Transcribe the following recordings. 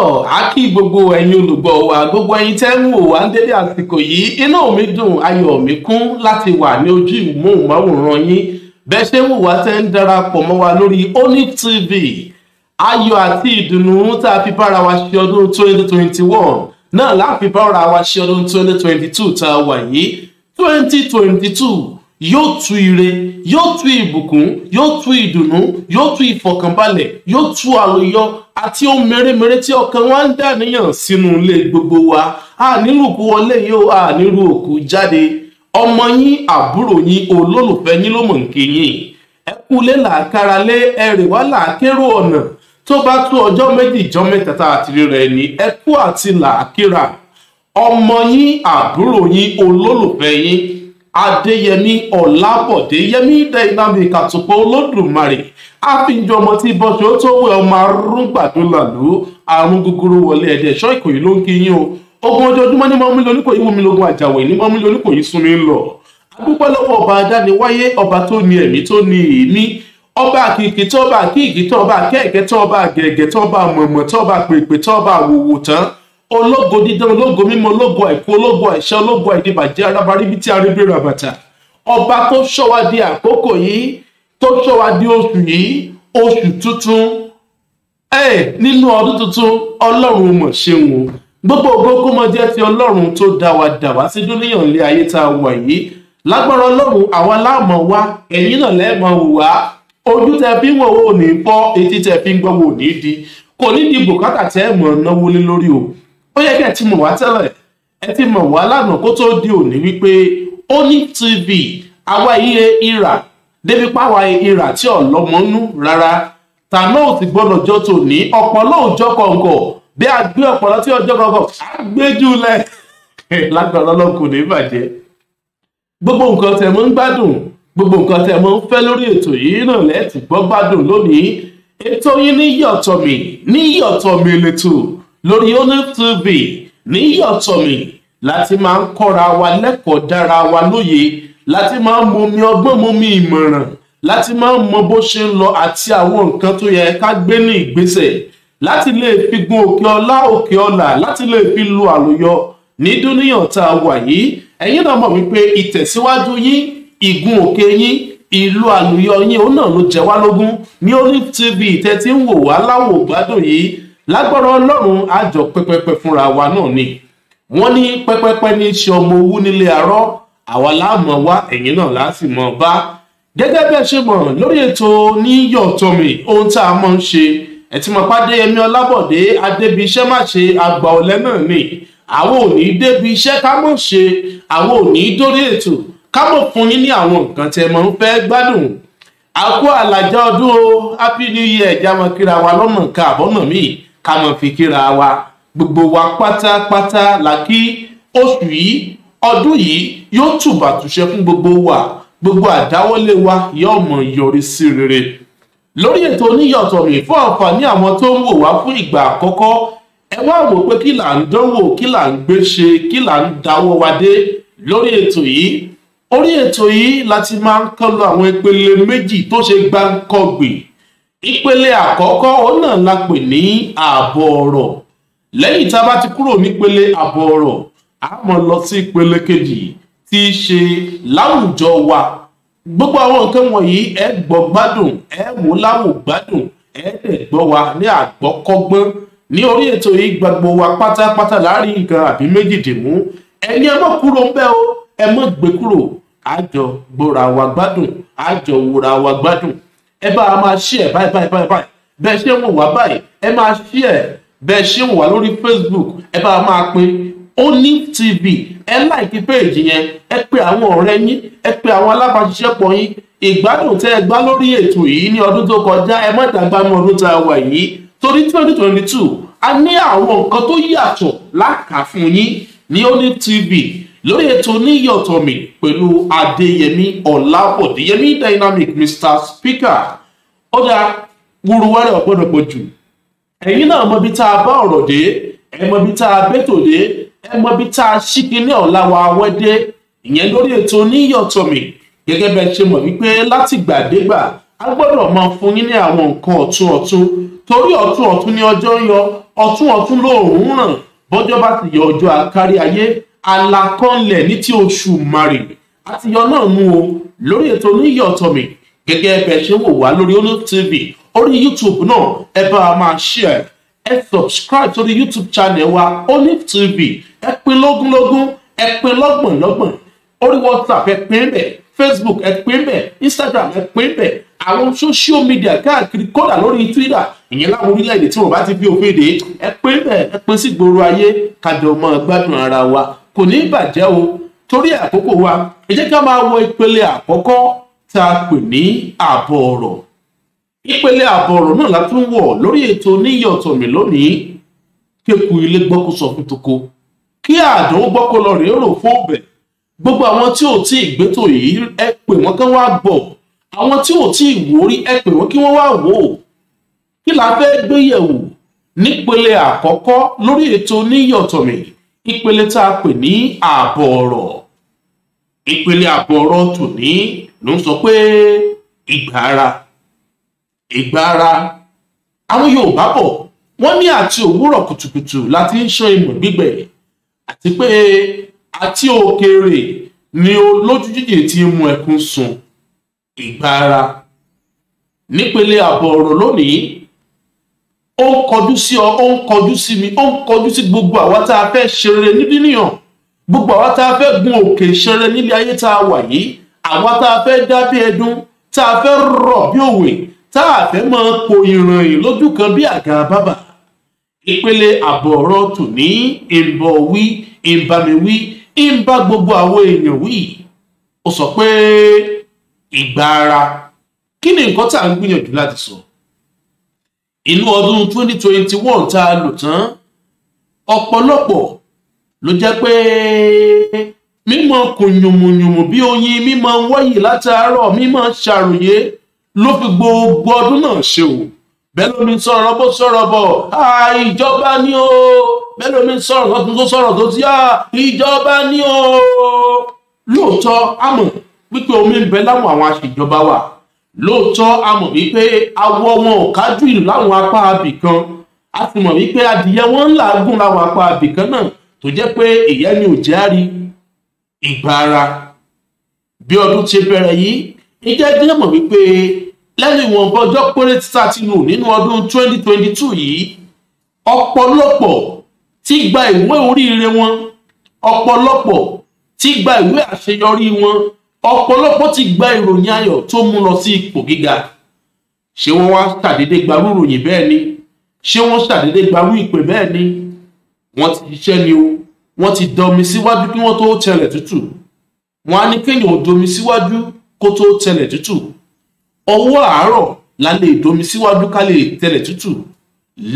pásítọ̀ á kí gbogbo ẹ̀yin olùgbọ́ wa gbogbo ẹ̀yin tẹ́ ń wò wá ń délé àsìkò yìí inú mi dùn ayọ̀ mi kún láti wà ní ojú ìmúhùnmáwòrán yín bẹ́ẹ̀ ṣe ń wò wá tẹ́ ń darapọ̀ mọ́ wa lórí Oni TV ayọ̀ àti ìdùnnú tá a fi bára wa ṣe ọdún 2021 náà láàfin bára wa ṣe ọdún 2022 tá a wà yìí 2022 yóò tú ire yóò tú ìbùkún yóò tú ìdùnnú yóò tú ìfọkànbalẹ̀ yóò tú àròyọ àti ohun mèremère tí ọkàn wa ń dàníyàn sínú ilé gbogbo wa a nírùkú wọlé yìí ó a nírú òkú jáde ọmọ yín àbúrò yín olólùfẹ́ yín ló mọ̀ ń kéyìn ẹ kúlé làákàrà lé ẹrè wá làákérò ọ̀nà tó bá tó ọjọ́ méjì jọ mẹ́ta tá a ti rí rẹ̀ ní ẹ kú àti làákìrà ọmọ yín àbúrò yín olólùfẹ́ yín adéyẹmí ọlábọdé yẹmí dẹyìnàmì kàtúpọ̀ olódùmarè àfihàn ọmọ tí bọ́sẹ̀ ó tó wẹ̀ ọmọ arúgbàdúlàlú làlú àrùn gúgúrú wọlé ẹ̀dẹ̀ ẹ̀ṣọ́ ìkòyí ló ń kíyìn o ogun ojoojúmọ́ ní mọ́mí lóníkòyí wọ́n mi lógun ní mọ́mí lóníkòyí sún mi ọba ọba tó ọba àkìkì tọba, àkìkì tọba, ológo dídán ológo mímọ ológo àìkú ológo àìṣẹ ológo àìdìbàjẹ́ arábárí bíi tí arábìnrin àbàtà ọba tó ṣọ́wa di àkókò yìí tó ṣọ́wa di oṣù yìí oṣù tuntun ẹ nínú ọdún tuntun ọlọ́run mọ̀ ṣeun o gbogbo ogógó mọ jẹ́ ti ọlọ́run tó dá wa dà wá sí dúníyàn ilé ayé tá a wà yìí lágbára ọlọ́run àwa láàmọ̀ wá ẹ̀yìn náà lẹ́ẹ̀mọ̀ wá ojú tẹ fi ń wọ̀ wò ní bọ́ etí tẹ fi ń gbọ́ wò ní di kò ní di bùkátà tẹ́ ẹ̀ mọ̀ náwó lé lórí o ó yẹ kí ẹ ti mọ̀ wá tẹ́lẹ̀ ẹ ti mọ̀ wá lánàá kó tó di òní wípé Oni TV àwa iye ìrà débi páwa ìrà tí ọ̀lọ́mọ́nú rárá ta náà ti gbọ́dọ̀ jọ tòní ọ̀pọ̀lọ́ òjọ́ kọ̀ǹkọ̀ bí a gbé ọ̀pọ̀lọ́ tí ọjọ́ kọ̀ǹkọ̀ á gbé jùlẹ̀ lágbára ọlọ́kùn ní ìbàjẹ́ gbogbo nǹkan tẹ̀ mọ́ ń gbádùn gbogbo nǹkan tẹ̀ mọ́ ń fẹ́ lórí ètò yìí náà lẹ́ẹ̀tì gbọ́ gbádùn lónìí ètò yín ní yọ̀tọ̀ mi ní yọ̀tọ̀ mi lẹ́tọ̀ọ́ lórí onif tv ní yọtọmì láti máa ń kọ́ra wa lẹ́kọ̀ọ́ dára wa lóye láti máa ń momi ọgbọ́n momi ìmọ̀ràn láti máa ń mọ bó ṣe ń lọ àti àwọn nǹkan tó yẹ ká gbé ní ìgbésẹ̀ láti lè fi gun òkè ọlá òkè ọlà láti lè fi lu àlùyọ ní dúníyàn tá a wà yìí ẹ̀yin náà mọ̀ wípé ìtẹ̀síwájú yín ìgun òkè yín ìlú àlùyọ yín òun náà ló jẹ wá lógún ní olive tv tẹ ń wò wá láwò gbádùn yìí lágbára ọlọ́run àjọ pẹ́pẹ́pẹ́ fúnra wa náà ni wọ́n ní pẹ́pẹ́pẹ́ ní í ṣe ọmọ owó nílé arọ́ àwa láàmọ̀ wá ẹ̀yìn náà láti mọ̀ bá gẹ́gẹ́ bẹ́ẹ̀ ṣe mọ̀ lórí ètò níyọ̀ tọ́mì ohun tá a mọ̀ ń ṣe ẹ̀tìmọ̀pádé yẹmi ọlábọ̀dé adébi iṣẹ́ má ṣe àgbà ọ̀lẹ́ náà ni àwọn ò ní débi iṣẹ́ ká mọ̀ ṣe àwọn ò ní dórí ètò ká mọ̀ fún yín ní àwọn nǹkan tẹ́ mọ̀ ń fẹ́ gbádùn àkó àlàjá ọdún o happy new year jámọ́ kíra wa lọ́nà ká àbọ̀nà míì ká mọ̀ fi kíra wa gbogbo wa pátápátá la kí oṣù yìí ọdún yìí yóò tùbà túṣe fún gbogbo wa gbogbo àdáwọlé wa yóò mọ̀ yọrí sí rere lórí ètò oníyọ̀tọ̀ mi fún àǹfààní àwọn tó ń wò wá fún ìgbà àkọ́kọ́ ẹ wá wò pé kí là ń dánwò kí là ń gbé ṣe kí là ń dáwọ́ wa dé lórí ètò yìí orí ètò yìí láti máa ń kọ́ lọ àwọn ìpele méjì tó ṣe gbáǹkọ́gbìn ìpele àkọ́kọ́ òun náà la pè ní ààbọ̀ ọ̀rọ̀ lẹ́yìn tá a bá ti kúrò nípele ààbọ̀ ọ̀rọ̀ a mọ̀ lọ sí ìpele kejì tí í ṣe láwùjọ wa gbogbo àwọn nǹkan wọ̀nyí ẹ gbọ́ gbádùn ẹ wò láwò gbádùn ẹ dẹ̀ gbọ́ wa ní àgbọ́kọ́gbọ́n ní orí ètò yìí gbogbo wa pátápátá láàrin nǹkan àbí méjì ẹni ẹ mọ̀ kúrò ń bẹ́ o ẹ mọ̀ gbé kúrò àjọ gbọ́ra wa gbádùn àjọ wòra wa gbádùn ẹ bá a máa share báyìí báyìí báyìí báyìí bẹ́ẹ̀ ṣe ń wò wá báyìí ẹ máa share bẹ́ẹ̀ ṣe wò wá lórí facebook ẹ bá a máa pe Olive TV ẹ láìkí péèjì yẹn ẹ pe àwọn ọ̀rẹ́ yín ẹ pe àwọn alábàáṣiṣẹ́pọ̀ yín ìgbádùn tẹ́ ẹ gbá lórí ètò yìí ní ọdún tó kọjá ẹ má dàgbà mọ́ ọdún tá wà yìí torí twenty twenty two a ní àwọn nǹkan tó yàtọ̀ lákàá fún yín ní Olive TV lórí ètò níyọ̀tọ̀ mi pẹ̀lú adéyẹmí ọ̀làbọ̀déyẹmí dynamic mr speaker ó dá wúruwárẹ̀ ọ̀gbọ́dọ̀gbọ̀ jù ẹ̀yin náà mọbi tá a bá ọ̀rọ̀ dé ẹ mọbi tá a bẹ́tò dé ẹ mọbi tá a ṣíkiní ọ̀làwọ̀ awẹ́dé ìyẹn lórí ètò níyọ̀tọ̀ mi gẹ́gẹ́ bẹ́ẹ̀ ṣe mọ̀ wípé látìgbàdégbà a gbọ́dọ̀ máa fún yín ní àwọn nǹkan ọ̀tún ọ̀tún torí ọ̀tún ọ̀tún ní ọjọ́ yọ ọ̀tún ọ̀tún lóòrùn ràn bọ́jọ́ bá ti yọ ọjọ́ akárí ayé alakọ́nlẹ̀ ní ti oṣù mari àti yọ náà mú o lórí ètò oníyọ̀ ọ̀tọ̀ mi gẹ́gẹ́ bẹ́ẹ̀ ṣe wò wá lórí olú tv orí youtube náà ẹ bá a máa share ẹ subscribe sórí youtube channel wa olive tv ẹ pin lógúnlógún ẹ pin lọ́gbọ̀nlọ́gbọ̀n orí whatsapp ẹ pin facebook ẹ pin instagram ẹ pin bẹ́ẹ̀ àwọn social media káàkiri kódà lórí twitter ìyẹn láwọn orílẹ̀-èdè tí wọ́n bá ti fi òfin dè é ẹ pin bẹ́ẹ̀ ẹ sí gbòòrò ayé kájọ mọ́ gbádùn ara wa kò ní bàjẹ́ o torí àkókò wa ẹ jẹ́ ká máa wọ ìpele àkọ́kọ́ tá a pè ní ààbọ̀ ọ̀rọ̀ ìpele ààbọ̀ ọ̀rọ̀ náà la tún wọ̀ lórí ètò níyọ̀tọ̀ mi lónìí kéku ilé gbọ́kú sọ fún toko kí àdánwò gbọ́kú lọ rèé rò fún ọbẹ̀ gbogbo àwọn tí ò tí ì gbétò yìí ẹ pè wọ́n kán wá gbọ̀ àwọn tí ò tí ì wò rí ẹ pè wọ́n kí wọ́n wá wò ó kí la fẹ́ gbéyẹ̀wò nípele àkọ́kọ́ lórí ètò níyọ̀tọ̀ yìí ìpele tá a pè ní ààbọ̀ ọ̀rọ̀ ìpele ààbọ̀ ọ̀rọ̀ tòní ló ń sọ pé ìgbà ara ìgbà ara àwọn yorùbá bọ̀ wọ́n ní àti òwúrọ̀ kùtùkùtù láti ń ṣan ìmọ̀ gbígbẹ àti pé àti òkèèrè ni olójú jíjì ti mú ẹkún sun ìgbà nípele ààbọ̀ ọ̀rọ̀ lónìí ó ń kọjú sí ọ ó ń kọjú sí mi ó ń kọjú sí gbogbo àwa tá a fẹ́ ṣeré níbí nìyàn gbogbo àwa tá a fẹ́ gun òkè ṣeré nílé ayé tá a wà yìí àwa tá a fẹ́ dá bí ẹdún tá a fẹ́ rọ̀ bí òwe tá a fẹ́ máa po ìrànyìn lójú kan bí àga bábà ìpele àbọ̀ ọ̀rọ̀ tòní ìbọ̀ wí ìbámiwí ìbá gbogbo àwọn èèyàn wí ó sọ pé ìgbà ara kí ni nǹkan tá à ń gbìyànjú láti sọ. So? inú ọdún 2021 tá a lò tán ọ̀pọ̀lọpọ̀ ló jẹ́ pé mímọ kùnyùmùnyùmù bí oyin mímọ wọ́yì látàárọ̀ mímọ ṣàròyé ló fi gbogbo ọdún náà ṣe o bẹ́ẹ̀ lómi sọ̀rọ̀ bó sọ̀rọ̀ bọ̀ ìjọba ni o bẹ́ẹ̀ lómi sọ̀rọ̀ tuntun tó sọ̀rọ̀ tó ti ìjọba ni o lóòótọ́ àmọ̀ pípé omi ń bẹ láwọn àwọn aṣèjọba wa lóòótọ́ a mọ̀ wípé awọ wọn ò kájú ìlú láwọn apá abìkan a sì mọ̀ wípé adìyẹ wọn ń làágùn láwọn apá abìkan náà tó jẹ́ pé ìyẹn ni ò járí ìgbà ara bí ọdún ti bẹ̀rẹ̀ yìí ìjẹ́ díẹ̀ mọ̀ wípé lẹ́nu ìwọ̀nba ọjọ́ péré títà ti nù nínú ọdún 2022 yìí ọ̀pọ̀lọpọ̀ ti gba ìwé oríire wọn ọ̀pọ̀lọpọ̀ ti gba ìwé àṣeyọrí wọn ọ̀pọ̀lọpọ̀ ti gba ìròyìn ayọ̀ tó mú lọ sí ipò gíga ṣé wọ́n wá ṣàdédé gbarú ìròyìn bẹ́ẹ̀ ni ṣé wọ́n ṣàdédé gbarú ìpè bẹ́ẹ̀ ni wọ́n ti ṣiṣẹ́ ni o wọ́n ti dọmi síwájú kí wọ́n tó tẹlẹ̀ tútù wọ́n á ní kéèyàn domi síwájú kó tó tẹlẹ̀ tútù ọwọ́ àárọ̀ la lè domi síwájú ká lè tẹlẹ̀ tútù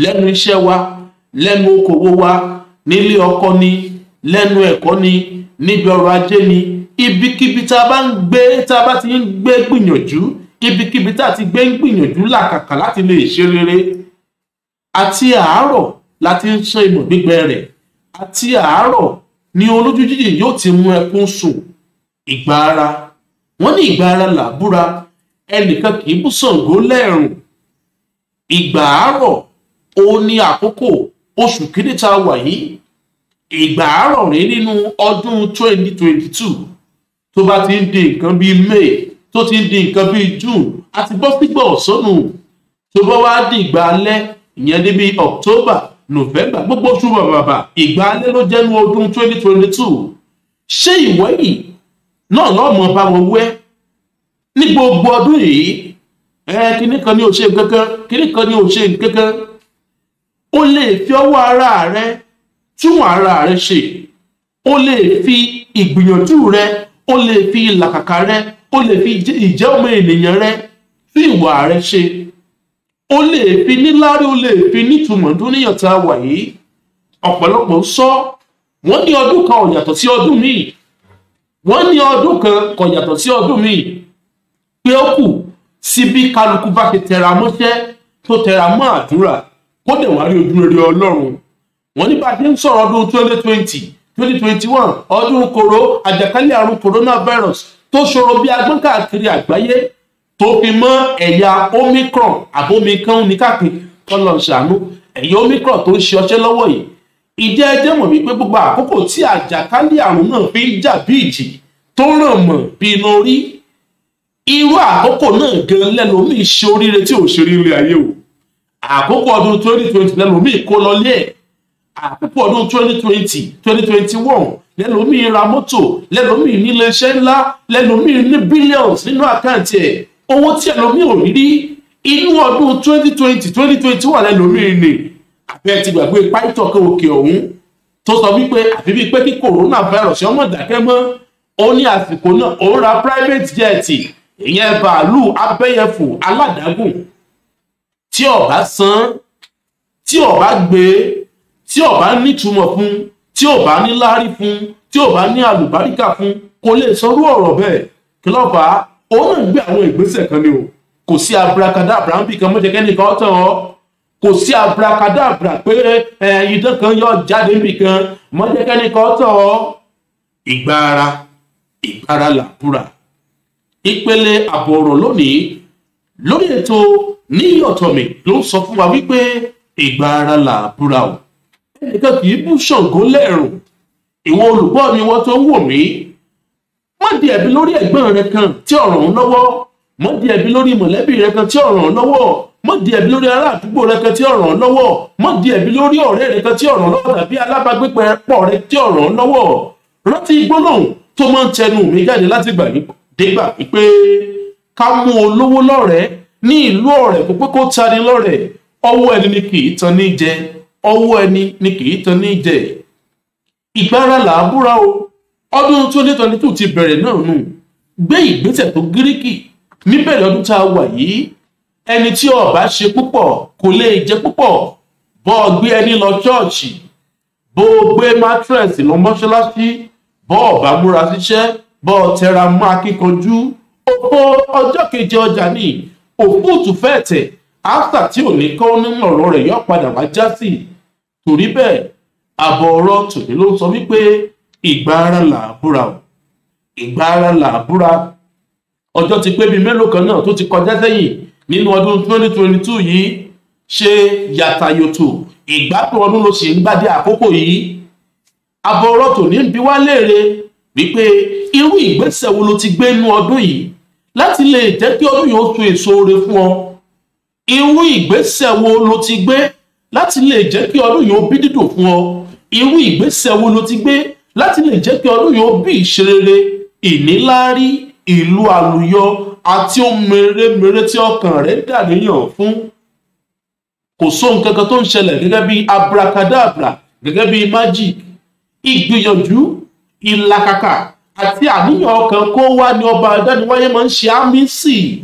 lẹ́nu iṣẹ́ wa lẹ́nu okòwò wa nílé ọkọ ni lẹ́nu ẹ̀kọ́ ni níbi ọrọ̀ ajé ni ibikíbi tá a bá ń gbé tá a bá ti ń gbé gbìyànjú ibikíbi tá a ti gbé ń gbìyànjú làkàkà láti lè ṣe rere àti àárọ̀ láti ń sọ ìmọ̀ gbígbẹ rẹ̀ àti àárọ̀ ni olójú jíjì yóò ti mú ẹkún sùn ìgbà ara wọn ní ìgbà ara làbúra ẹnìkan kì í bú ṣàngó lẹ́rùn ìgbà àárọ̀ òun ni àkókò oṣù kìíní tá wà yìí ìgbà àárọ̀ rèé nínú ọdún twenty twenty two tó bá ti ń di nǹkan bíi may tó ti ń di nǹkan bíi june àti bọ́ sígbọ̀ sọ́nù tó bá wá di ìgbà alẹ́ ìyẹn ní bíi october november gbogbo oṣù bàbàbà ìgbà alẹ́ ló jẹ́nu ọdún twenty twenty two ṣé ìwọ yìí náà lọ́mọ bá wọn wẹ́ ní gbogbo ọdún yìí ẹ kíní kan ní o ṣe kankan kíní kan ní o ṣe kankan o lè fi ọwọ́ ara rẹ túwọ̀n ara rẹ ṣe o lè fi ìgbìyànjú rẹ o lè fi ìlàkàkà rẹ o lè fi ìjẹ́ ọmọ ènìyàn rẹ sí ìwà rẹ ṣe o lè fi níláárí o lè fi nítumọ̀ dúníyàn tá a wà yìí ọ̀pọ̀lọpọ̀ sọ wọ́n ní ọdún kan ò yàtọ̀ sí ọdún míì wọ́n ní ọdún kan kò yàtọ̀ sí ọdún míì pé ó kù sí kálukú bá ṣe tẹra mọ́ṣẹ́ tó tẹra mọ́ àdúrà kó dẹ̀ wá rí ojú rere ọlọ́run wọ́n ní bá a ṣe ń sọ̀rọ̀ ọdún twenty twenty 2021, twenty one ọdún koro àjàkálẹ̀ àrùn coronavirus tó ṣòro bí agbọ́n káàkiri àgbáyé tó fi mọ́ ẹ̀yà omicron àbómikan ní káàkiri kọ́lọ̀ ṣàánú ẹ̀yà omicron tó ń ṣe ọṣẹ́ lọ́wọ́ yìí ìdí ẹjẹ́ mọ̀ wípé gbogbo àkókò tí àjàkálẹ̀ àrùn náà fi ń jà bí ìjì tó ràn mọ̀ bí iná rí irú àkókò náà gan lẹ́lòmíì ṣe oríire tí ò ṣe oríire ayé o àkókò ọdún twenty twenty lẹ́lòmíì kó lọ lé ẹ̀ àkókò ọdún twenty twenty twenty twenty one lẹ́lòmíì ra mọ́tò lẹ́lòmíì nílé iṣẹ́ ńlá lẹ́lòmíì ní billions nínú àkáǹtì ẹ̀ owó tí ẹlòmíì ò ní rí inú ọdún twenty twenty twenty twenty one lẹ́lòmíì ni àbẹ́ ti gbàgbé pító kan òkè ọ̀hún tó sọ wípé àfi bíi pé kí corona virus ọmọ ìdákẹ́ mọ́ ó ní àsìkò náà òun ra private jet ìyẹn bàálù abẹ́yẹfò aládàágùn tí ọ̀bá san tí ọ̀bá gbé tí ò bá nítumọ̀ fún tí ò bá ní láárí fún tí ò bá ní àlùbáríkà fún kò lè sọrú ọ̀rọ̀ bẹ́ẹ̀ kí ló fà á òun náà ń gbé àwọn ìgbésẹ̀ kan ni o kò sí abrakadabra ń bì kan mọ́jẹ́kẹ́ nìkan ọ̀tàn ọ́ kò sí abrakadabra pé idán kan yọ jáde ń bì kan mọ́jẹ́kẹ́ nìkan ọ̀tàn ọ́ ìgbà ìgbára làbúrà ìpele àbọ̀rọ̀ lónìí lórí ètò ní ọ̀tọ̀ mi ló ń sọ fún wa wípé ìgbà ara làbúrà o ẹnìkan kì í bú ṣàngó lẹ́rùn ìwọ̀n olùgbọ́ mi wọ́n tó ń wò mí má di ẹ̀bi lórí ẹ̀gbọ́n rẹ kan tí ọ̀ràn ń lọ́wọ́ má di ẹ̀bi lórí mọ̀lẹ́bí rẹ kan tí ọ̀ràn ń lọ́wọ́ má di ẹ̀bi lórí ará àdúgbò rẹ kan tí ọ̀ràn ń lọ́wọ́ má di ẹ̀bi lórí ọ̀rẹ́ rẹ kan tí ọ̀ràn ń lọ́wọ́ tàbí alábàgbépọ̀ pọ̀ rẹ tí ọ̀ràn ń lọ́wọ́ rántí gbólóhùn tó máa ń tẹnu mi jáde láti gbà dégbà wípé ká mú olówó lọ́rẹ̀ẹ́ ní ìlú ọ̀rẹ́ kó pé kó tani lọ́rẹ̀ẹ́ ọwọ́ ẹni ni kì í tan ní jẹ ọwọ́ ẹni ni kì í tan ní jẹ ìgbára là á búra o ọdún twenty twenty two ti bẹ̀rẹ̀ náà nù gbé ìgbésẹ̀ tó gíríkì níbẹ̀rẹ̀ ọdún tá a wà yìí ẹni tí ọba ṣe púpọ̀ kò lè jẹ púpọ̀ bọ́ ọ gbé ẹni lọ chọ́ọ̀chì bó o gbé mattress lọ mọ́ṣáláṣí bọ́ ọba múra síṣẹ́ bọ́ ọ tẹra mọ́ akíkanjú òpó ọjọ́ keje ọjà ni òkú òtún fẹ́ẹ̀tẹ̀ áfà tí ò ní kọ́ nínú ọ̀rọ̀ rẹ̀ yọ padà wá já sí i torí bẹ́ẹ̀ àbọ̀ ọ̀rọ̀ tòní ló sọ wípé ìgbà ara là á búra o ìgbà ara là á búra ọjọ́ ti pé bíi mélòó kan náà tó ti kọjá sẹ́yìn nínú ọdún twenty twenty two yìí ṣe yàtàyòtò ìgbádùn ọdún ló sì ń gbádé àkókò yìí àbọ̀ ọ̀rọ̀ tòní ń bi wá léèrè wípé irú ìgbésẹ̀ wo ló ti gbé nú ọdún yìí láti lè jẹ́ kí ọdún yìí ó tún èso oore fún ọ irú ìgbésẹ̀ wo ló ti gbé láti lè jẹ́ kí ọdún yìí ó bí dídùn fún ọ irú ìgbésẹ̀ wo ló ti gbé láti lè jẹ́ kí ọdún yìí ó bí ìṣerere ìníláárí ìlú àlùyọ àti ohun mèremère tí ọkàn rẹ dà níyàn fún kò sóhun kankan tó ń ṣẹlẹ̀ gẹ́gẹ́ bí abracadabra gẹ́gẹ́ bí magic ìgbìyànjú ìlàkàkà àti àníyàn ọkàn kó wá ní ọba adániwáyé máa ń ṣe àmì sí i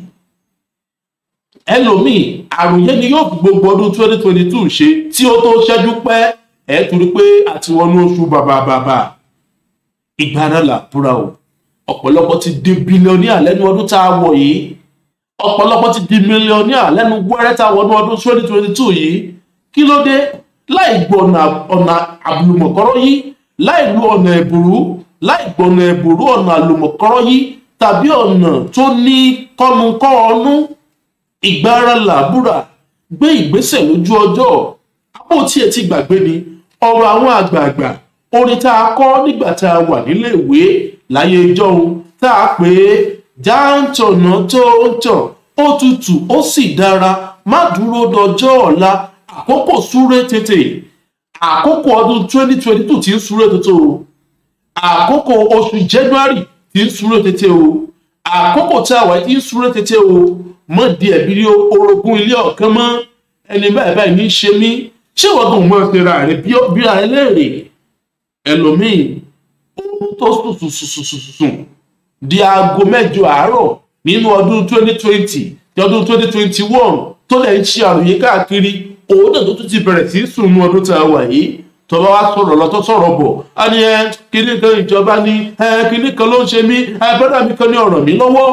ẹlòmíì àròyé ni yóò fi gbogbo ọdún twenty twenty two ṣe tí ó tó ṣẹ́jú pẹ́ ẹ̀ torí pé àti oṣù bàbà bàbà búra o ọ̀pọ̀lọpọ̀ ti di bílíọ̀nìà lẹ́nu ọdún tá a wọ̀ yìí ọ̀pọ̀lọpọ̀ ti di mílíọ̀nìà lẹ́nu wẹ́rẹ́ tá a wọnú ọdún twenty twenty two yìí kí ló dé láì gbọ́ ọ̀nà àbùlùmọ̀kọ́rọ́ yìí láì lu ọ̀nà ẹ̀bùrú láì gbọ́ ọ̀nà ẹ̀bùrú ọ̀nà àlùmọ̀kọ́rọ́ yìí tàbí ọ̀nà tó ní kọ́nu kọ́ ọnú ìgbára làbúrà gbé ìgbésẹ̀ lójú ọjọ́ àbò tiẹ̀ ti gbàgbé ni ọ̀rọ̀ àwọn àgbààgbà orin tá a kọ́ nígbà tá a wà níléèwé láyé ìjọ́hun tá a pè é jáǹtọ̀nà tó ń tàn ó tutù ó sì dára má dúró dọjọ́ ọ̀la àkókò súré tètè àkókò ọdún 2022 ti ń súré tètè o àkókò oṣù january ti ń súré tètè o àkókò tá a wà ti ń súré tètè o mọ́ di ẹ̀bí rí orogún ilé ọ̀kan mọ́ ẹni báyìí báyìí ní í ṣe mí ṣé ìwọ gan mọ́ ti ra rẹ̀ bí ara ẹlẹ́rìí ẹlòmíì ó tó sùsùsùsùsùn di aago mẹ́jọ àárọ̀ nínú ọdún twenty twenty ti ọdún twenty twenty one tó lẹ̀ ń ṣe àròyé káàkiri òun náà tó tún ti bẹ̀rẹ̀ sí í ọdún tá a wà yìí tọba wa sọ̀rọ̀ lọ tó sọ̀rọ̀ bọ̀ á ní ẹ kíní kan ìjọba ní ẹ kíní kan ló ń ṣe mí ẹ bọ́dà mi kan ní ọ̀rọ̀ mi lọ́wọ́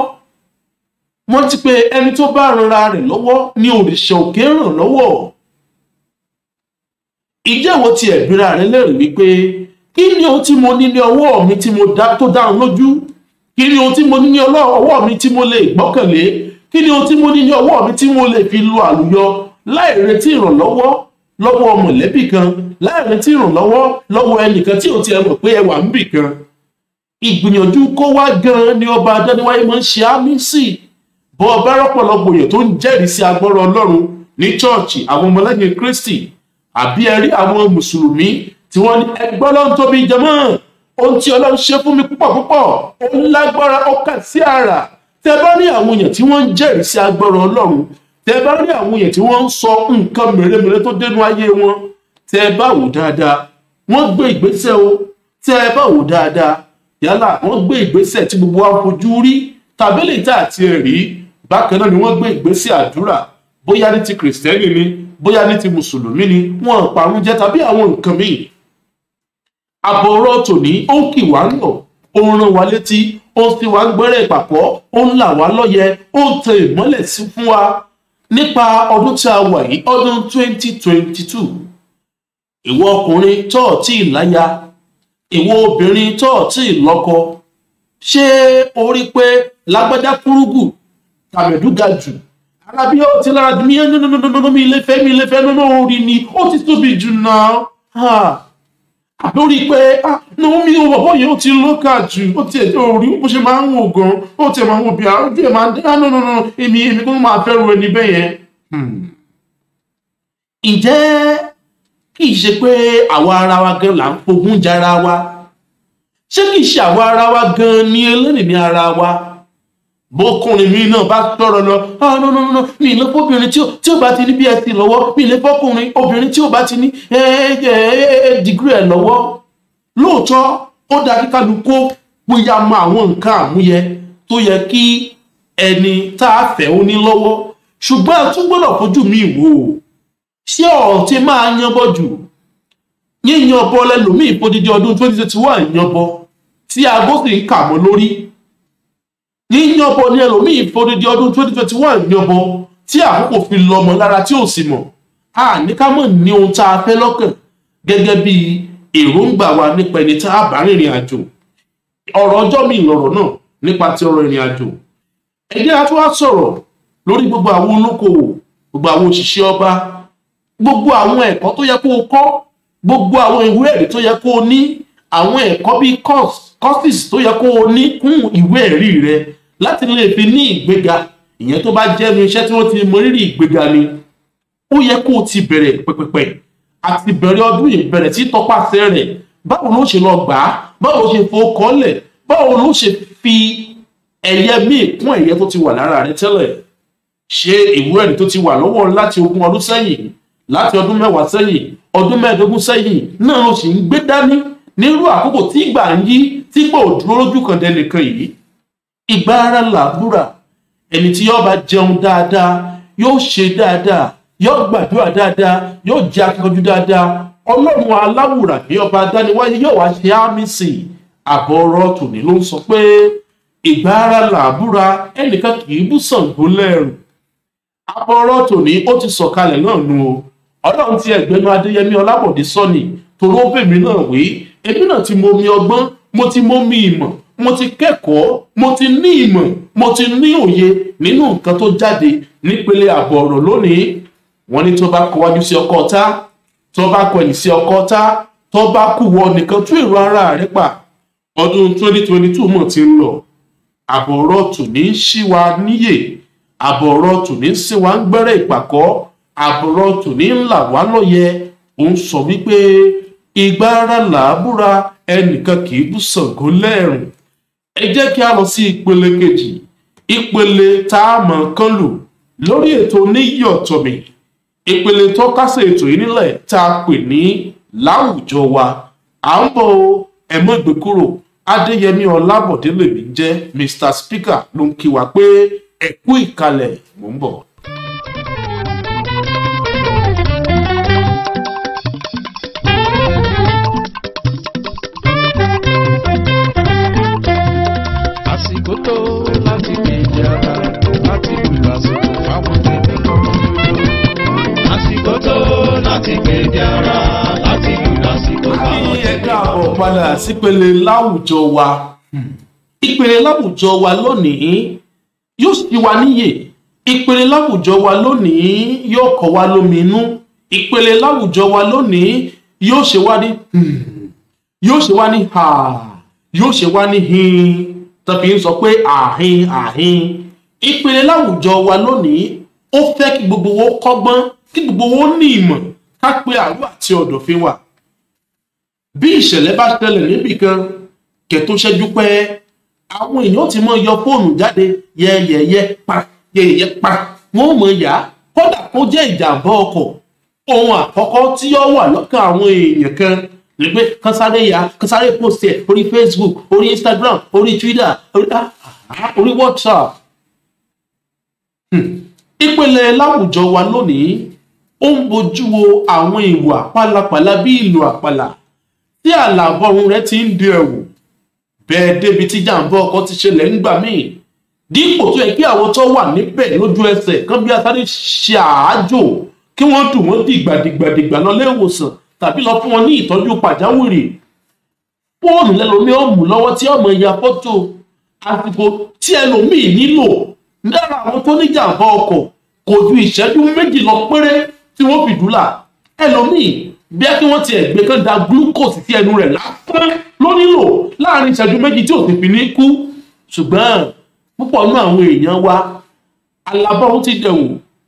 wọ́n ti pé ẹni tó bá ranra rẹ̀ lọ́wọ́ ni òrìṣà òkè ràn lọ́wọ́ ìjẹ́wọ́ ti ẹ̀gbéra rẹ̀ lẹ́rìí wípé kí ni ohun tí mo ní ní ọwọ́ mi tí mo dá tó dáhùn lójú kí ni ohun tí mo ní ní ọwọ́ mi tí mo lè gbọ́kànlé kí ni ohun tí mo ní ní ọwọ́ mi tí mo lè fi lu àlùyọ láì retí ìrànlọ́wọ́ lọ́wọ́ mọ̀lẹ́bí kan láì retí ìrànlọ́wọ́ lọ́wọ́ ẹnìkan tí ò ti ẹ mọ̀ pé ẹ wà níbì kan ìgbìyànjú kó wá gan-an ni ọba adániwáyé máa ń ṣe á mí sí i bọ́ ọba rọ́pọ̀lọpọ̀ èèyàn tó ń jẹ́rìí sí agbọ́rọ̀ ọlọ́run ní chọ́ọ̀chì àwọn ọmọlẹ́yìn kristi àbí ẹ̀rí àwọn mùsùlùmí tí wọ́n ní ẹgbẹ́ ọlọ́run tó bí jẹmọ́ ohun tí ọlọ́run ṣe fún mi púpọ̀ púpọ̀ ó lágbára ó kà sí àrà tẹ bá rí àwọn èèyàn tí wọ́n ń jẹ́rìí sí agbọ́rọ̀ ọlọ́run tẹ bá rí àwọn èèyàn tí wọ́n ń sọ nǹkan mèremère tó dénú ayé wọn tẹ bá wò dáadáa wọ́n gbé ìgbésẹ̀ o tẹ bá wò dáadáa yálà wọ́n gbé ìgbésẹ̀ tí gbogbo wa fojú rí tàbí lè tà àti ẹ̀rí bákan náà ni wọ́n gbé ìgbésí àdúrà bóyá ní ti kìrìsìtẹ́nì ni bóyá ní ti mùsùlùmí ni wọ́n parun jẹ́ tàbí àwọn nǹkan míì àbọ̀rọ̀ tòní ó ń kì wá ń lọ ó ń rán wa létí ó ń fi wá ń gbẹ́rẹ́ ìpàpọ̀ ó ń là wá lọ́yẹ ó ń tan ìmọ́lẹ̀ sí fún wa nípa ọdún tí a wà yìí ọdún 2022 ìwọ ọkùnrin tọ́ọ̀tì ìláya ìwọ obìnrin tọ́ọ̀tì ìlọ́kọ ṣé o pé lágbádá kúrúgù tàmẹ̀dú ga jù arábíyá ó ti lára mi nínú mi ilé fẹ́ mi ilé fẹ́ nínú orí ni ó ti tóbi jù náà lórí pé ah, nínú mi ò bọ̀ yẹn ó ti lókà jù ó ti ẹ̀jẹ̀ orí bó ṣe máa ń wò gan ó ti máa ń wò bí i ah, ojú ẹ̀ máa ń dá ah, nínú èmi èmi kó máa fẹ́ ru ẹni bẹ́ẹ̀ yẹn. Hmm. ǹjẹ́ kì í ṣe pé àwa ara wa gan là ń fogún jara wa ṣé kì í ṣe àwa ara wa gan ni ẹlẹ́rìí ní ara wa bọ́kùnrin mi náà bá tọrọ lọ ah no no no mi lè fọbìnrin tí ò bá ti ní bí ẹ ti lọ́wọ́ mi lè fọkùnrin obìnrin tí ò bá ti ní eh, eh, eh, dìgírì ẹ lọ́wọ́ lóòótọ́ ó dá kíkálu kó bóyá mọ àwọn nǹkan àmúyẹ tó yẹ kí ẹni tá a fẹ́ ó ní lọ́wọ́ ṣùgbọ́n ẹ tún gbọ́dọ̀ fojú mi wò ó ṣé ọ̀rọ̀ máa yanbọ jù yíyanbọ lẹlòmíì fódìdí ọdún twenty twenty one yanbọ tí aago kà mọ́ lórí yíyanbọ ní ẹlòmíín fodidi ọdún twenty twenty one yanbọ tí àkókò fi lọmọ lára tí ò sì mọ̀ a ní ká mọ̀ ní ohun tá a fẹ́ lọ́kàn gẹ́gẹ́ bí èròǹgbà wa nípa ẹni tá a bá rìnrìn àjò ọ̀rọ̀ ọjọ́ mi ìlọ̀rọ̀ náà nípa ti ọ̀rọ̀ ìrìn àjò ẹ̀jẹ̀ a tún wá sọ̀rọ̀ lórí gbogbo àwọn olókoòwò gbogbo àwọn òṣìṣẹ́ ọba gbogbo àwọn ẹ̀kọ́ tó yẹ kó o kọ́ gbogbo àwọn ìwé ẹ̀rí tó yẹ kó o ní àwọn ẹ̀kọ́ bíi courses tó yẹ kó o ní kún ìwé ẹ̀rí rẹ láti lè fi ní ìgbéga ìyẹn tó bá jẹ́nu iṣẹ́ tí wọ́n ti mọrírì ìgbéga ni ó yẹ kó o ti bẹ̀rẹ̀ pẹ̀pẹ̀pẹ̀ àti bẹ̀rẹ̀ ọdún yìí bẹ̀rẹ̀ tí tọpasẹ̀ rẹ̀ báwo ló ṣe lọ gbà á báwo ló ṣe fowó kọ́lẹ̀ báwo ló ṣe fi ẹ̀yẹ míì kún ẹ̀yẹ tó ti wà lára rẹ tẹ́lẹ̀ ṣé ìwúrẹ́ ni tó ti wà lọ́wọ́ láti ogún ọdún sẹ́yìn láti ọdún mẹ́wàá sẹ́yìn ọdún mẹ́ẹ̀ẹ́dógún sẹ́yìn náà ló sì ń gbé dání nírú àkókò tí ìgbà ń yí tí gbòòdúró lójú kan dẹnìkan yìí ìgbà ara làbúrà ẹni tí yóò bá jẹun dáadáa yóò ṣe dáadáa yóò gbàdúrà dáadáa yóò jẹ akíkanjú dáadáa ọlọ́run aláwùrà ní ọba dániwáyé yóò wá ṣe àmì sí àbọ̀ ọ̀rọ̀ tòní ló ń sọ pé ìgbà ara làbúrà ẹnìkan kì í bú sàngó lẹ́rù àbọ̀ ọ̀rọ̀ tòní ó ti sọ̀kalẹ̀ náà nu o ọlọ́run ti ẹ̀gbẹ́nu adéyẹmí ọlábọ̀dé sọ́ni tòró bèmí náà wí èmi náà ti mọ omi ọgbọ́n mo ti mọ omi ìmọ̀ mo ti kẹ́kọ̀ọ́ mo ti ní ìmọ̀ mo ti ní òye nínú nǹkan tó jáde nípele àbọ̀ ọ̀rọ̀ lónìí wọ́n ní tó bá kọ wájú sí ọkọ ọ̀tá tó bá kọ ẹ̀yìn sí ọkọ ọ̀tá tó bá kù wọ nìkan tún èrò ara rẹ pa ọdún 2022 mọ̀ ti ń lọ àbọ̀ ọ̀rọ̀ tòní ń wa níyè àbọ̀ ọ̀rọ̀ tòní sí wa ń gbẹ́rẹ́ ìpàkọ́ àbọ̀ ọ̀rọ̀ tòní ń là wá lọ́yẹ òun sọ wípé igbá ara làábúra ẹnìkan kì í bú sàngó lẹ́rùn ẹ jẹ́ kí a lọ sí ìpele kejì ìpele tá a mọ̀ kán lù lórí ètò níyọ̀tọ̀mì ìpele tó kásẹ̀ ètò yìí nílẹ̀ tá a pè ní láwùjọ wa à ń bọ̀ o ẹ̀mọ́ ìgbé kúrò adéyẹmí ọlábọ̀dé lèmi jẹ́ mr speaker ló ń kí wa pé ẹ̀kú ìkalẹ̀ mò ń bọ̀. àsìkò tó láti gbèjà láti lùlù àsìkò fáwọn tèmi kan. àsìkò tó láti gbèjà láti lùlù àsìkò fáwọn tèmi kan. ẹ̀ka àbọ̀ padà sípele láwùjọ wa ìpele láwùjọ wa lónìí yóò sì wá níyè ìpele láwùjọ wa lónìí yóò kọ́ wa lóminú ìpele láwùjọ wa lónìí yóò ṣe wá ní hmm, yóò ṣe wá ní ha yóò ṣe wá ní hin tó fi ń sọ pé àhín àhín ìpele láwùjọ wa lónìí ó fẹ́ kí gbogbo wo kọ́gbọ́n kí gbogbo wo ní ìmọ̀ ká pé àrú àti ọ̀dọ̀fin wà bí ìṣẹ̀lẹ̀ bá ṣẹlẹ̀ níbìkan kẹ̀ tó ṣẹ́jú pẹ́ àwọn èèyàn ti mọ yọ fóònù jáde yẹyẹyẹ pa yẹyẹ pa wọn ò mọ yá kódà kó jẹ́ ìjàmbá ọkọ̀ ohun àkọ́kọ́ tí ó wà lọ́kàn àwọn èèyàn kan rí pé kan sáré yá kan sáré post ẹ̀ orí facebook orí instagram orí twitter orí ah, ah, whatsapp. Hmm. ìpele láwùjọ wa lónìí ó ń bojú wo àwọn ìwà pálapàla bí ìlú àpàlà tí àlàbọ̀run rẹ̀ ti ń di ẹ̀wù bẹ́ẹ̀ débi tí jàǹbá ọkọ̀ ti ṣẹlẹ̀ ńgbà míì dípò tó yẹ kí àwọn tó wà níbẹ̀ lójú ẹsẹ̀ kan bí asáré ṣe àájò kí wọ́n dùn wọ́n dìgbàdìgbàdìgbà lọ lé ìwòsàn tàbí lọ fún wọn ní ìtọ́jú pàjáwìrì fóònù lẹ́lòmí ó mú lọ́wọ́ tí ọmọ ìyá fọ́tò àsìkò tí ẹlòmíì nílò lára àwọn tó níjàmbá ọkọ̀ kò ju ìṣẹ́jú méjì lọ péré tí wọ́n fi dúlà ẹlòmíì bí a kí wọ́n ti ẹ̀gbẹ́ kan da glucose sí ẹnu rẹ̀ lásán ló nílò láàrin ìṣẹ́jú méjì tí ò sì fi ní kú ṣùgbọ́n púpọ̀ nínú àwọn èèyàn wa alábọ́n ti dẹ̀wò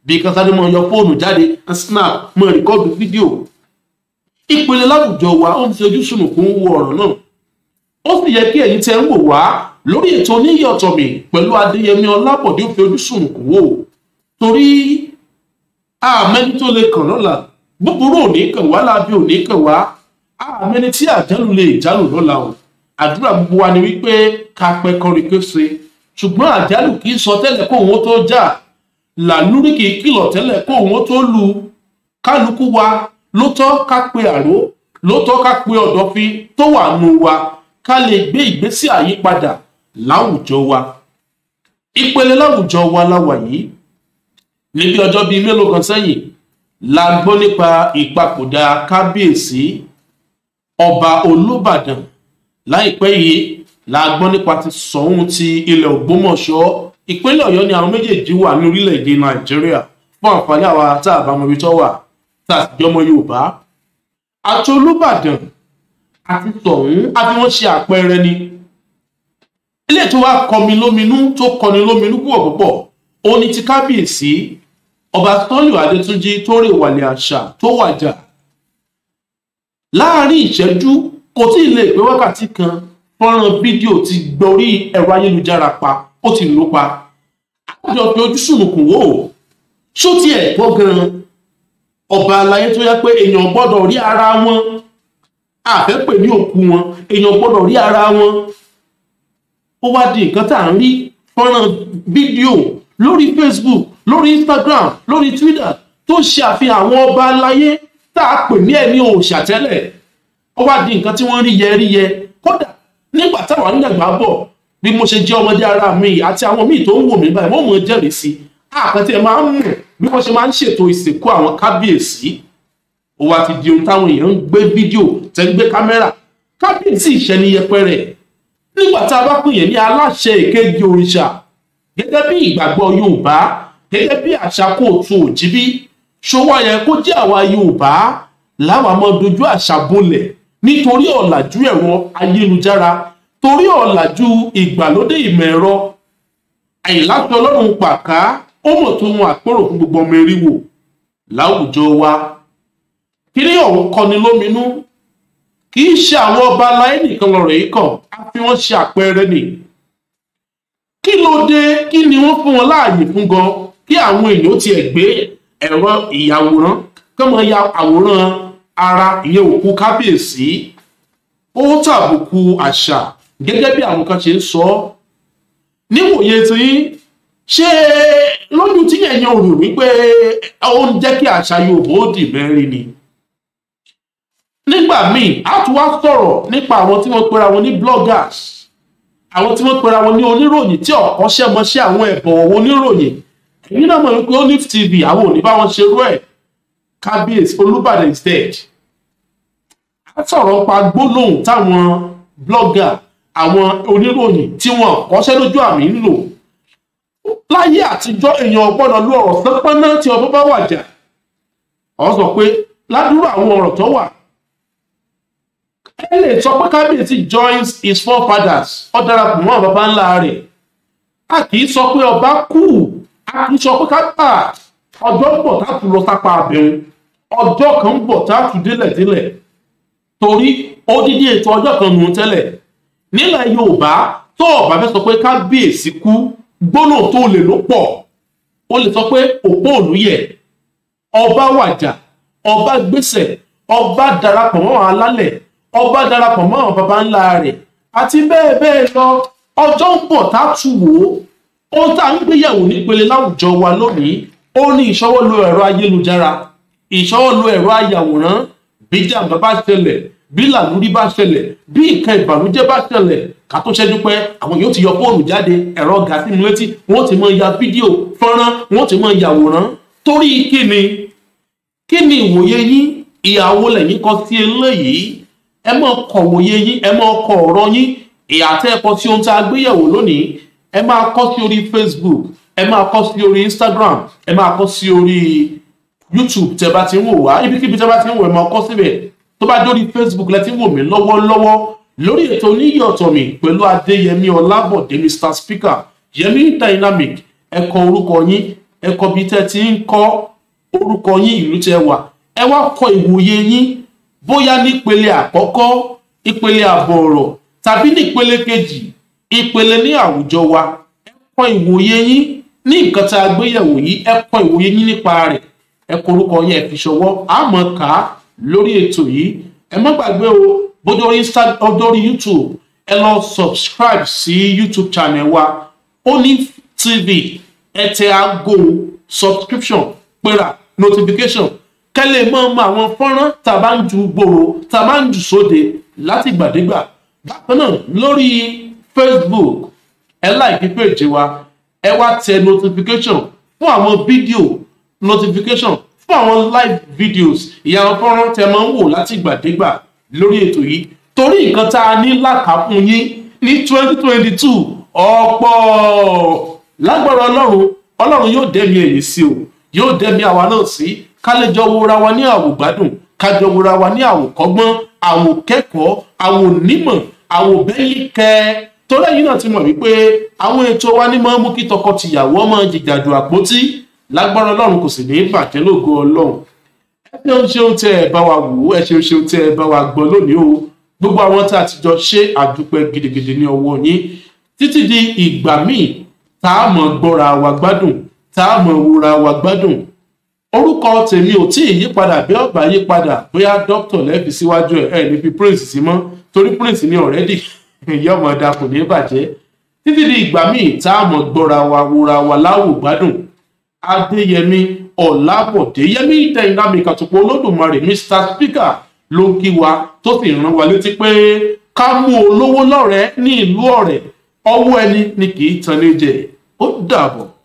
bí kan sáré mọ́ yọ fóònù jáde snap mọ́ rìkọ́dù fídíò ìpele láwùjọ wa ó ti ojú sùnùkùn wo ọ̀rọ̀ náà ó sì yẹ kí ẹ̀yin tẹ́ ń wò wá lórí ètò oníyọ̀tọ̀ mi pẹ̀lú adéyẹmí ọlábọ̀dé ó fi ojú sùnùkùn wò torí àmẹ́ni tó lè kàn lọ́la búburú ò ní kàn wá lábẹ́ ò ní kàn wá àmẹ́ni tí àjálù lè jálù lọ́la o àdúrà gbogbo wa ni wípé ká pẹ́ kọrin kése ṣùgbọ́n àjálù kì í sọ tẹ́lẹ̀ kó òun tó jà làlúrí kì í kìlọ̀ tẹ́lẹ̀ kó òun tó lu kálukú wa lótọ́ ká pe àró lótọ́ ká pe ọ̀dọ́fin tó wà nù wa ká lè gbé ìgbésí àyípadà láwùjọ wa ìpele láwùjọ wa láwà yìí níbi ọjọ́ bíi mélòó kan sẹ́yìn la gbọ́ nípa ìpapòdà kábíyèsí ọba olùbàdàn láìpẹ́ yìí la gbọ́ nípa ti sọ̀hún ti ilẹ̀ ògbómọ̀ṣọ́ ìpínlẹ̀ ọ̀yọ́ ni àwọn méjèèjì wà ní orílẹ̀-èdè nàìjíríà fún àǹfààní àwa tá a bá mọ ibi tó wà tàbíọmọ yorùbá àti olùbàdàn àti sọ̀hún àti wọ́n ṣe àpẹẹrẹ ni ilé tó wá kọmi lóminú tó kọni lóminú púpọ̀ púpọ̀ ó ní ti kábíyèsí ọba tọ́lù adétúnjì tó rè wàlẹ̀ àṣà tó wàjà láàrin ìṣẹ́jú kò tí ì lè pé wákàtí kan fọ́nrán fídíò ti gborí ẹ̀rọ ayélujára pa ó ti lò pa àjọ pé ojú sùnùkùn wò ó ṣó tiẹ̀ tó gan-an ọba aláyé tó yẹ pé èèyàn gbọ́dọ̀ rí ara wọn àfẹ́pè ní òkú wọn èèyàn gbọ́dọ̀ rí ara wọn ó wá di nǹkan tá à ń rí fọ́nrán fídíò lórí Facebook lórí Instagram lórí Twitter tó ṣe àfihàn àwọn ọba aláyé tá a pè ní ẹni òòṣà tẹ́lẹ̀ ó wá di nǹkan tí wọ́n rí yẹ rí yẹ kódà nígbà táwọn onígbàgbà bọ̀ bí mo ṣe jẹ́ ọmọdé ara mi àti àwọn míì tó ń wò mí báyìí wọ́n mọ̀ jẹ́rìí sí àkàntì ẹ̀ máa ń mú bí wọ́n ṣe máa ń ṣètò ìsìnkú àwọn kábíyèsí ó wá ti di ohun táwọn èèyàn ń gbé fídíò tẹ́ ń gbé kámẹ́rà kábíyèsí ìṣẹ́ni yẹpẹrẹ nígbà tá a bá pè yẹn ní aláṣẹ ìkejì òrìṣà gẹ́gẹ́ bí ìgbàgbọ́ yorùbá gẹ́gẹ́ bí àṣà kóòtù òjìbí ṣòwò yẹn kó jẹ́ àwa yorùbá láwa máa dojú àṣà bolẹ̀ nítorí ọ̀làjú ẹ̀rọ ayélujára torí ọ̀làjú ìgbàlódé ìmọ̀ ẹ̀rọ àìláṣọ ọlọ́run pàká ó mọ̀ tó wọn àpérò fún gbogbo ọmọ eríwò láwùjọ wa kíní ọ̀hún kọni lóminú kì í ṣe àwọn ọba aláì nìkan lọ̀rọ̀ yìí kàn á fi wọ́n ṣe àpẹẹrẹ nì kí ló dé kí ni wọ́n fún wọn láàyè fún gan kí àwọn èèyàn tiẹ̀ gbé ẹ̀rọ ìyàwòrán kí wọ́n ya àwòrán ara ìyẹn òkú kábíyèsí ó tàbùkù àṣà gẹ́gẹ́ bí àwọn kan ṣe ń sọ níwòye tí ṣé lónìí tí yẹn yẹn rò wípé ó ń jẹ́ kí àṣà yorùbá ó dì mẹ́rin ni nígbà míì a tún wá sọ̀rọ̀ nípa àwọn tí wọ́n pera wọn ní bloggers àwọn tí wọ́n pera wọn ní oníròyìn tí ọ̀kọ́ṣẹ́mọṣẹ́ àwọn ẹ̀bọ̀ oníròyìn èyí náà mọ̀ wípé olive tv àwọn ò ní bá wọn ṣe rú ẹ̀ kábíyèsí olúbàdàn instead a sọ̀rọ̀ pa gbólóhùn táwọn blogger àwọn oníròyìn tí wọn ọ̀kọ́ṣẹ́ lójú àmì ń lò láyé àtijọ́ èèyàn gbọ́dọ̀ lu ọ̀rọ̀ sánpọ́nná tí ọmọ bá wà jà ọ sọ pé ládùúrà àwọn ọ̀rọ̀ tó wà ẹ sọ pé kábíyèsí joins his forefathers ọ darapọ̀ mọ́ bàbá í sọ pé ọba kù a kì í sọ pé kápá ọjọ́ ń bọ̀ táàtù lọ sápá ọjọ́ kan ń bọ̀ táàtù torí odidi ọba fẹ́ sọ pé gbóná tó lè ló pọ̀ o lè sọ pé òpó òlúyẹ ọba wàjà ọba gbèsè ọba darapọ̀ mọ́ àwọn alálẹ̀ ọba darapọ̀ mọ́ àwọn baba ńlá rẹ̀ àti bẹ́ẹ̀ bẹ́ẹ̀ lọ ọjọ́ ń bọ̀ tá a tù wò ó ó tá a ń gbéyàwó nípele láwùjọ wa lónìí ó ní ìṣọwọ́ lo ẹ̀rọ ayélujára ìṣọwọ́ lo ẹ̀rọ ayàwòrán bíjà bàbá tẹlẹ̀ bí làlúrí bá ṣẹlẹ̀ bí nǹkan ìbànújẹ́ bá ṣẹlẹ̀ ká tó ṣẹ́jú pẹ́ àwọn yóò ti yọ fóònù jáde ẹ̀rọ ga sínú létí wọ́n ti máa ya fídíò fọ́nrán wọ́n ti máa yàwòrán torí kí ni kí ni ìwòye yín ìyàwó lẹ́yìn kan sí eléyìí ẹ máa kọ̀ wòye yín ẹ máa kọ̀ ọ̀rọ̀ yín ìyàtẹ́ ẹ̀kọ́ sí ohun tá a gbéyẹ̀wò lónìí ẹ máa kọ́ sí orí facebook ẹ máa kọ́ sí orí instagram ẹ máa kọ́ sí orí youtube tẹ bá ti ń wò wá ibikíbi tẹ bá ti ń wò ẹ máa kọ́ síbẹ̀ tó bá dórí facebook lẹ́tí wò mí lọ́wọ́lọ́wọ́ lórí ètò oníyì ọ̀tọ̀ mi pẹ̀lú adéyẹmí ọlábọ̀dé mr speaker yẹmí dynamic ẹ̀kọ́ orúkọ yín ẹ̀kọ́ bíi tẹ́ ti ń kọ́ orúkọ yín ìlú tẹ́ wà ẹ wá kọ ìwòye yín bóyá nípele àkọ́kọ́ ìpele àbọ̀ ọ̀rọ̀ tàbí nípele kejì ìpele ní àwùjọ wa ẹ kọ ìwòye yín ní nǹkan tá a gbéyẹ̀wò yìí ẹ kọ ìwòye yín nípa rẹ̀ ẹ orúkọ yín ẹ àmọ́ kàá lórí ètò yìí ẹ má gbàgbé o bójú orí instagram lórí youtube ẹ lọ subscribe sí youtube channel wa Oni TV ẹ tẹ aago subscription pera notification kẹ́lẹ̀ mọ́ mọ́ àwọn fọ́nrán tá a bá ń ju gbòòrò tá a ń jù sóde láti gbàdégbà bákan náà lórí facebook ẹ láìpẹ́ péjì wa ẹ wá tẹ notification fún àwọn fídíò notification fún àwọn live videos ìyàwó fọ́nrán tẹ máa ń wò látìgbàdégbà lórí ètò yìí torí nǹkan tá a ní làkàkùn yín ní twenty twenty two ọ̀pọ̀ lágbára ọlọ́run ọlọ́run yóò dẹ́mi ẹ̀yìn sí o yóò dẹ́mi àwa náà sí kálẹ́jọ́ wora wa ní àwògbádùn kájọ wora wa ní àwòkọ́gbọ́n àwòkẹ́kọ̀ọ́ àwònímọ̀ àwòbẹ́yìkẹ́ torí ẹ̀yìn náà ti mọ̀ wípé àwọn ètò wa ní máa ń mú kí tọkọtìyàwó ọmọ jìjàdù àpótí lágbára ọlọ́run kò sì ní bàjẹ́ lógo ọlọ́run ẹ ṣeun tẹ ẹ bá wa wò ó ẹ ṣeun ṣeun tẹ ẹ bá wa gbọ́ lónìí o gbogbo àwọn tá a ti jọ ṣe àdúpẹ́ gidigidi ní ọwọ́ yín títí di ìgbà míì tá a mọ̀ gbọ́ra wa gbádùn tá a mọ̀ wúra wa gbádùn orúkọ tèmi ò tí ì yípadà bí ọgbà yípadà bóyá dókítà lẹ́bi síwájú ẹ̀ ẹ̀ níbi prince sí mọ́ torí prince ní ọ̀rẹ́dì ìyá ọmọdé kò ní bàjẹ́ títí di ìgbà míì tá a mọ̀ gbọ́ra wa wúra wa láwù gbádùn adéyẹmí ọlábọdé yẹmí ìtẹyìnlá mìkàtúpọ olódùmarè mr speaker ló ń kí wa tó sì rán wa létí pé ká mú olówó lọrẹ ní ìlú ọrẹ ọwọ ẹni ni kì í tan jẹ ó dàbọ.